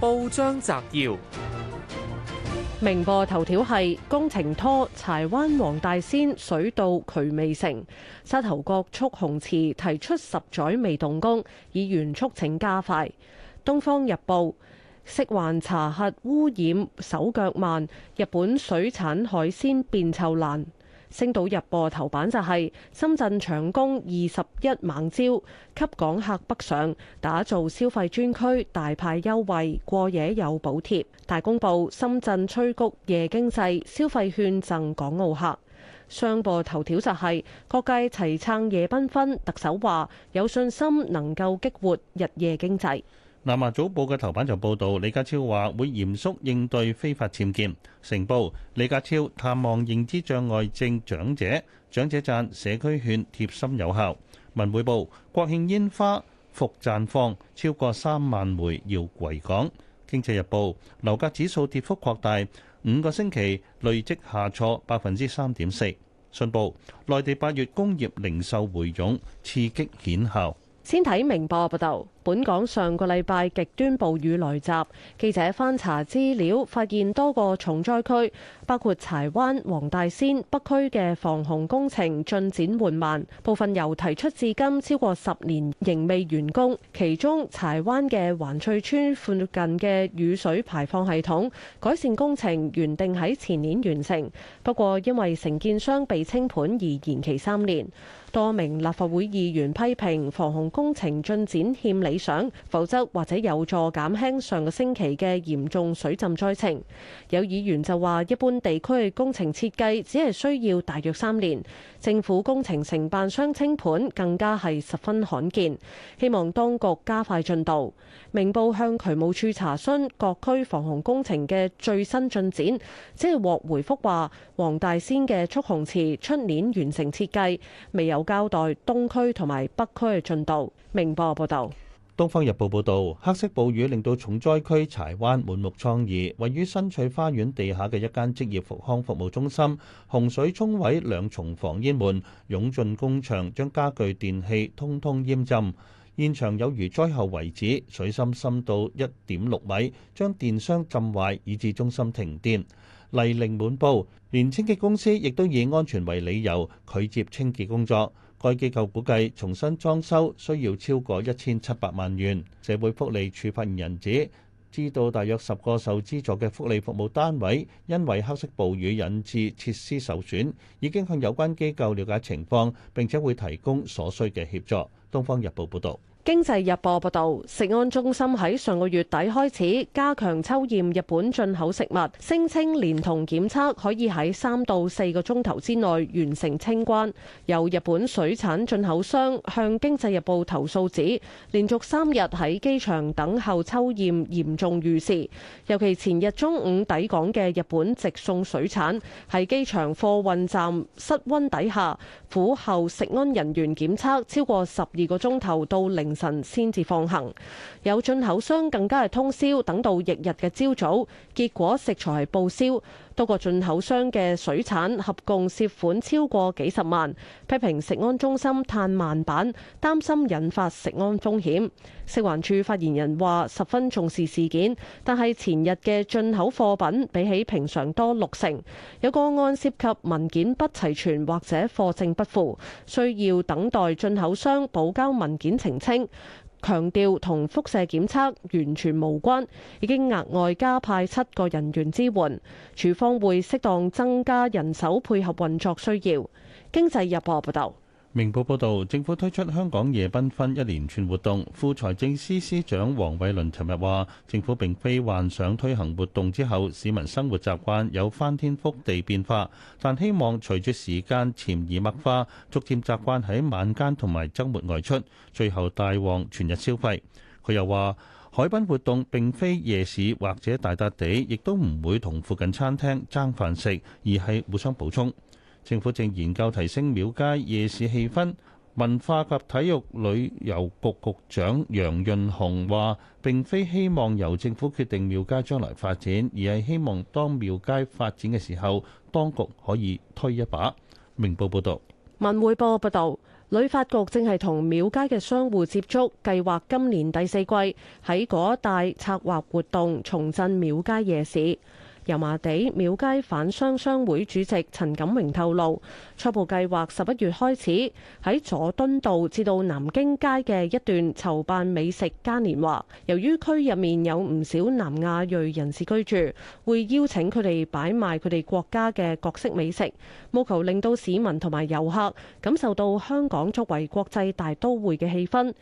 報章摘要：明報頭條係工程拖柴灣黃大仙水到渠未成，沙頭角蓄洪池提出十載未動工，議員促請加快。東方日報：食環查核污染手腳慢，日本水產海鮮變臭爛。星島日報頭版就係深圳搶攻二十一猛招，吸港客北上，打造消費專區，大派優惠，過夜有補貼。大公報深圳催谷夜經濟，消費券贈港澳客。商報頭條就係、是、各界齊撐夜繽紛，特首話有信心能夠激活日夜經濟。南華早報嘅頭版就報導，李家超話會嚴肅應對非法僭建。成報李家超探望認知障礙症長者，長者讚社區券貼心有效。文匯報國慶煙花復綻放，超過三萬枚要回港。經濟日報樓價指數跌幅擴大，五個星期累積下挫百分之三點四。信報內地八月工業零售回勇，刺激顯效。先睇明報報道，本港上個禮拜極端暴雨來襲，記者翻查資料，發現多個重災區，包括柴灣、黃大仙、北區嘅防洪工程進展緩慢，部分由提出至今超過十年仍未完工。其中柴灣嘅環翠村附近嘅雨水排放系統改善工程，原定喺前年完成，不過因為承建商被清盤而延期三年。多名立法會議員批評防洪工工程進展欠理想，否則或者有助減輕上個星期嘅嚴重水浸災情。有議員就話一般地區嘅工程設計只係需要大約三年，政府工程承辦商清盤更加係十分罕見，希望當局加快進度。明報向渠務處查詢各區防洪工程嘅最新進展，只係獲回覆話黃大仙嘅蓄洪池出年完成設計，未有交代東區同埋北區嘅進度。明報報道，《東方日報》報道，黑色暴雨令到重災區柴灣滿目瘡痍。位於新翠花園地下嘅一間職業復康服務中心，洪水沖毀兩重防煙門，湧進工場，將家具電器通通淹浸。現場有如災後遺址，水深深到一點六米，將電箱浸壞，以致中心停電。泥濘滿佈，連清潔公司亦都以安全為理由拒接清潔工作。該機構估計重新裝修需要超過一千七百萬元。社會福利處發言人指，知道大約十個受資助嘅福利服務單位因為黑色暴雨引致設施受損，已經向有關機構了解情況，並且會提供所需嘅協助。《東方日報》報導。經濟日報報道，食安中心喺上個月底開始加強抽驗日本進口食物，聲稱連同檢測可以喺三到四個鐘頭之內完成清關。有日本水產進口商向經濟日報投訴指，連續三日喺機場等候抽驗嚴重遇事，尤其前日中午抵港嘅日本直送水產喺機場貨運站室溫底下，苦候食安人員檢測超過十二個鐘頭到零，凌晨先至放行，有進口商更加係通宵，等到翌日嘅朝早。結果食材報銷，多個進口商嘅水產合共涉款超過幾十萬，批評食安中心嘆慢板，擔心引發食安風險。食環署發言人話十分重視事件，但係前日嘅進口貨品比起平常多六成，有個案涉及文件不齊全或者貨證不符，需要等待進口商補交文件澄清。強調同輻射檢測完全無關，已經額外加派七個人員支援，廚房會適當增加人手配合運作需要。經濟日報報道。明報報導，政府推出香港夜繽紛一連串活動。副財政司司長黃偉綸尋日話，政府並非幻想推行活動之後市民生活習慣有翻天覆地變化，但希望隨住時間潛移默化，逐漸習慣喺晚間同埋周末外出，最後大旺全日消費。佢又話，海濱活動並非夜市或者大笪地，亦都唔會同附近餐廳爭飯食，而係互相補充。政府正研究提升廟街夜市氣氛，文化及體育旅遊局局長楊潤雄話，並非希望由政府決定廟街將來發展，而係希望當廟街發展嘅時候，當局可以推一把。明報報道。文匯報報道，旅發局正係同廟街嘅商戶接觸計劃今年第四季喺嗰一帶策劃活動重振廟街夜市。油麻地廟街販商商會主席陳錦榮透露，初步計劃十一月開始喺佐敦道至到南京街嘅一段籌辦美食嘉年華。由於區入面有唔少南亞裔人士居住，會邀請佢哋擺賣佢哋國家嘅各式美食，務求令到市民同埋遊客感受到香港作為國際大都會嘅氣氛。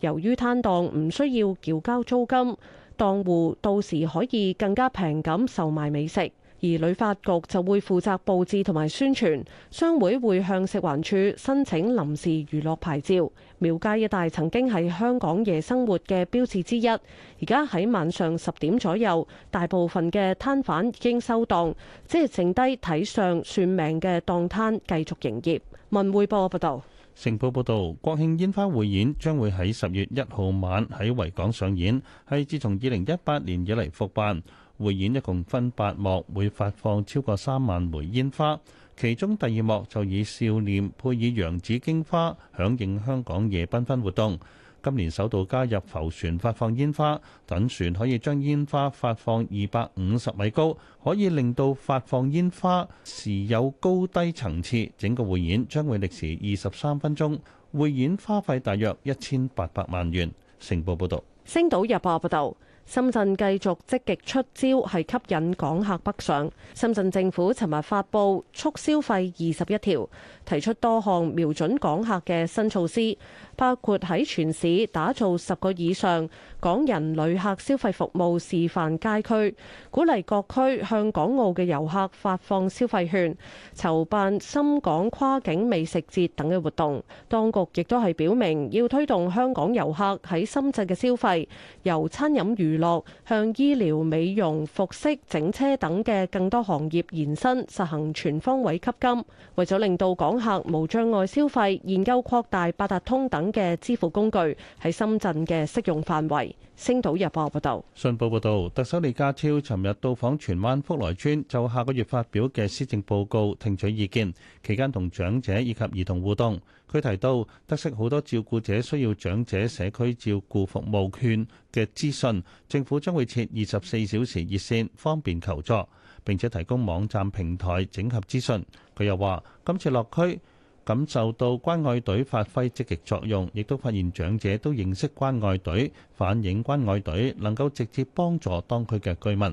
由於攤檔唔需要繳交租金，檔戶到時可以更加平咁售賣美食，而旅發局就會負責佈置同埋宣傳，商會會向食環署申請臨時娛樂牌照。廟街一帶曾經係香港夜生活嘅標誌之一，而家喺晚上十點左右，大部分嘅攤販已經收檔，只係剩低睇相算命嘅檔攤繼續營業。文匯報、啊、報道。成報報導，國慶煙花匯演將會喺十月一號晚喺維港上演，係自從二零一八年以嚟復辦。匯演一共分八幕，會發放超過三萬枚煙花，其中第二幕就以少年配以洋紫荊花，響應香港夜繽紛活動。今年首度加入浮船發放煙花，等船可以將煙花發放二百五十米高，可以令到發放煙花時有高低層次。整個匯演將會歷時二十三分鐘，匯演花費大約一千八百萬元。成報報道，星島日報報道。深圳繼續積極出招，係吸引港客北上。深圳政府尋日發布促消費二十一條，提出多項瞄準港客嘅新措施，包括喺全市打造十個以上港人旅客消費服務示範街區，鼓勵各區向港澳嘅遊客發放消費券，籌辦深港跨境美食節等嘅活動。當局亦都係表明要推動香港遊客喺深圳嘅消費，由餐飲與落向醫療美容、服飾整車等嘅更多行業延伸，實行全方位吸金。為咗令到港客無障礙消費，研究擴大八達通等嘅支付工具喺深圳嘅適用範圍。星島日報報道。信報報道，特首李家超尋日到訪荃灣福來村就下個月發表嘅施政報告聽取意見，期間同長者以及兒童互動。佢提到，得悉好多照顧者需要長者社區照顧服務券嘅資訊，政府將會設二十四小時熱線，方便求助，並且提供網站平台整合資訊。佢又話：今次落區感受到關愛隊發揮積極作用，亦都發現長者都認識關愛隊，反映關愛隊能夠直接幫助當區嘅居民。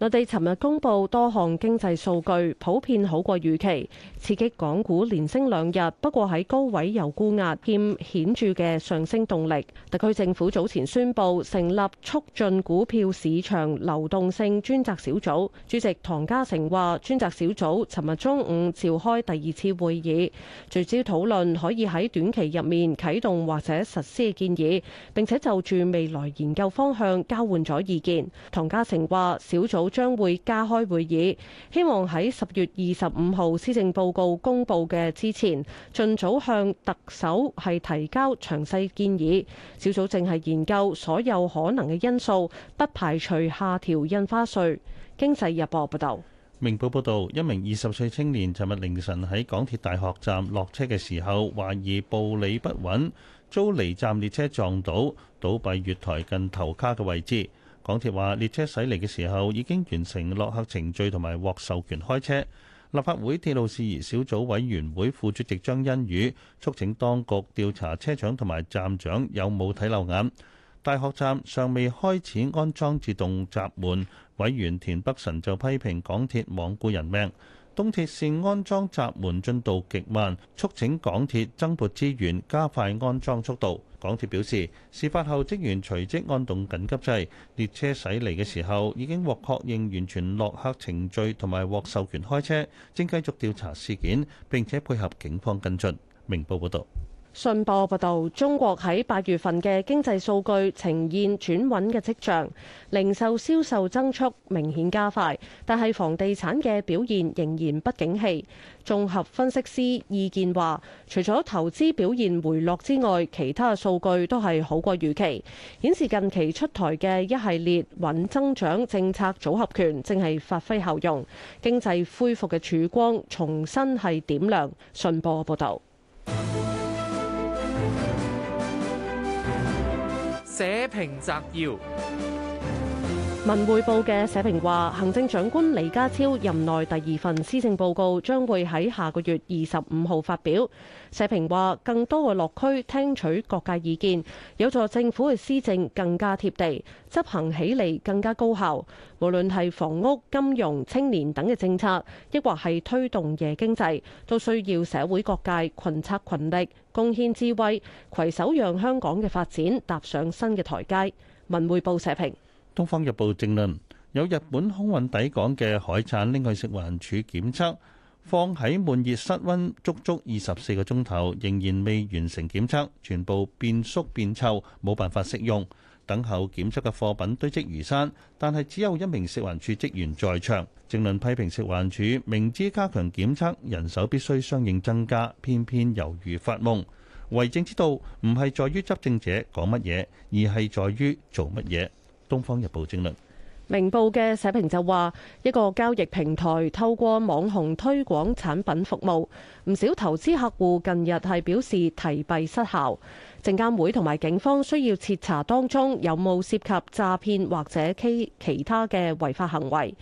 內地尋日公布多項經濟數據，普遍好過預期，刺激港股連升兩日。不過喺高位又沽壓，欠顯著嘅上升動力。特區政府早前宣布成立促進股票市場流動性專責小組，主席唐家成話：專責小組尋日中午召開第二次會議，聚焦討論可以喺短期入面啟動或者實施建議，並且就住未來研究方向交換咗意見。唐家成話：小組將會加開會議，希望喺十月二十五號施政報告公布嘅之前，盡早向特首係提交詳細建議。小組正係研究所有可能嘅因素，不排除下調印花稅。經濟日報報道，明報報道，一名二十歲青年尋日凌晨喺港鐵大學站落車嘅時候，懷疑步履不穩，遭離站列車撞倒，倒斃月台近頭卡嘅位置。港鐵話列車駛離嘅時候已經完成落客程序同埋獲授權開車。立法會鐵路事宜小組委員會副主席張欣宇促請當局調查車長同埋站長有冇睇漏眼。大學站尚未開始安裝自動閘門，委員田北辰就批評港鐵罔顧人命。東鐵線安裝閘門進度極慢，促請港鐵增撥資源加快安裝速度。港鐵表示，事發後職員隨即按動緊急掣，列車駛離嘅時候已經獲確認完全落客程序同埋獲授權開車，正繼續調查事件並且配合警方跟進。明報報導。信報報道，中國喺八月份嘅經濟數據呈現轉穩嘅跡象，零售銷售增速，增速明顯加快，但係房地產嘅表現仍然不景氣。綜合分析師意見話，除咗投資表現回落之外，其他嘅數據都係好過預期，顯示近期出台嘅一系列穩增長政策組合拳正係發揮效用，經濟恢復嘅曙光重新係點亮。信報報道。寫評摘要。文匯報嘅社評話行政長官李家超任內第二份施政報告將會喺下個月二十五號發表社評話更多嘅落區聽取各界意見有助政府嘅施政更加貼地執行起嚟更加高效無論係房屋金融青年等嘅政策亦或係推動夜經濟都需要社會各界群策群力貢獻智慧攜手讓香港嘅發展踏上新嘅台階文匯報社評《東方日報》政論有日本空運抵港嘅海產拎去食環署檢測，放喺悶熱室溫足足二十四個鐘頭，仍然未完成檢測，全部變縮變臭，冇辦法適用。等候檢測嘅貨品堆積如山，但係只有一名食環署職員在場。政論批評食環署明知加強檢測，人手必須相應增加，偏偏猶如發夢。為政之道唔係在於執政者講乜嘢，而係在於做乜嘢。《東方日報》正論，《明報》嘅社評就話：一個交易平台透過網紅推廣產品服務，唔少投資客戶近日係表示提幣失效，證監會同埋警方需要徹查當中有冇涉及詐騙或者欺其他嘅違法行為。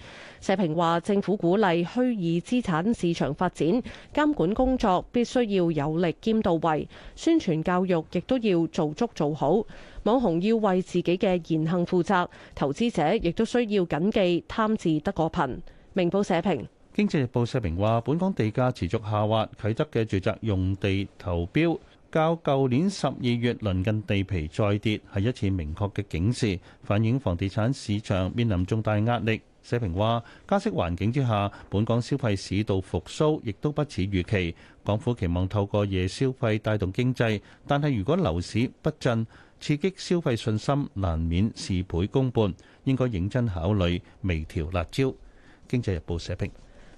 社評話，政府鼓勵虛擬資產市場發展，監管工作必須要有力兼到位，宣傳教育亦都要做足做好。網紅要為自己嘅言行負責，投資者亦都需要謹記貪字得過貧。明報社評，《經濟日報》社評話，本港地價持續下滑，啟德嘅住宅用地投標較舊年十二月鄰近地皮再跌，係一次明確嘅警示，反映房地產市場面臨重大壓力。社評話：加息環境之下，本港消費市道復甦亦都不似預期。港府期望透過夜消費帶動經濟，但係如果樓市不振，刺激消費信心難免事倍功半。應該認真考慮微調辣招。經濟日報社評。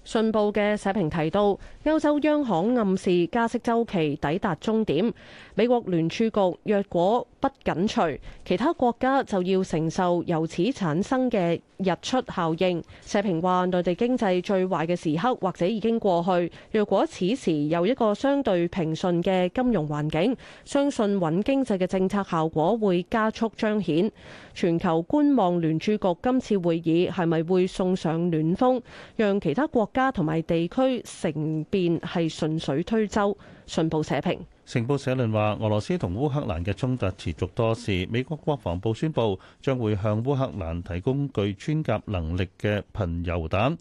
信報嘅社評提到，歐洲央行暗示加息周期抵達終點，美國聯儲局若果不緊隨，其他國家就要承受由此產生嘅溢出效應。社評話，內地經濟最壞嘅時刻或者已經過去，若果此時有一個相對平順嘅金融環境，相信穩經濟嘅政策效果會加速彰顯。全球觀望聯儲局今次會議係咪會送上暖風，讓其他國家……家同埋地區成變係順水推舟。信報社評。成報社論話，俄羅斯同烏克蘭嘅衝突持續多時，美國國防部宣布，將會向烏克蘭提供具穿甲能力嘅貧鈾彈。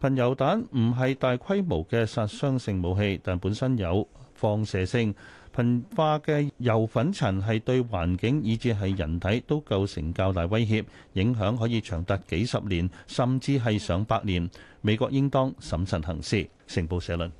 貧鈾彈唔係大規模嘅殺傷性武器，但本身有放射性。貧化嘅鈾粉塵係對環境以至係人體都構成較大威脅，影響可以長達幾十年，甚至係上百年。美國應當審慎行事。成報社論。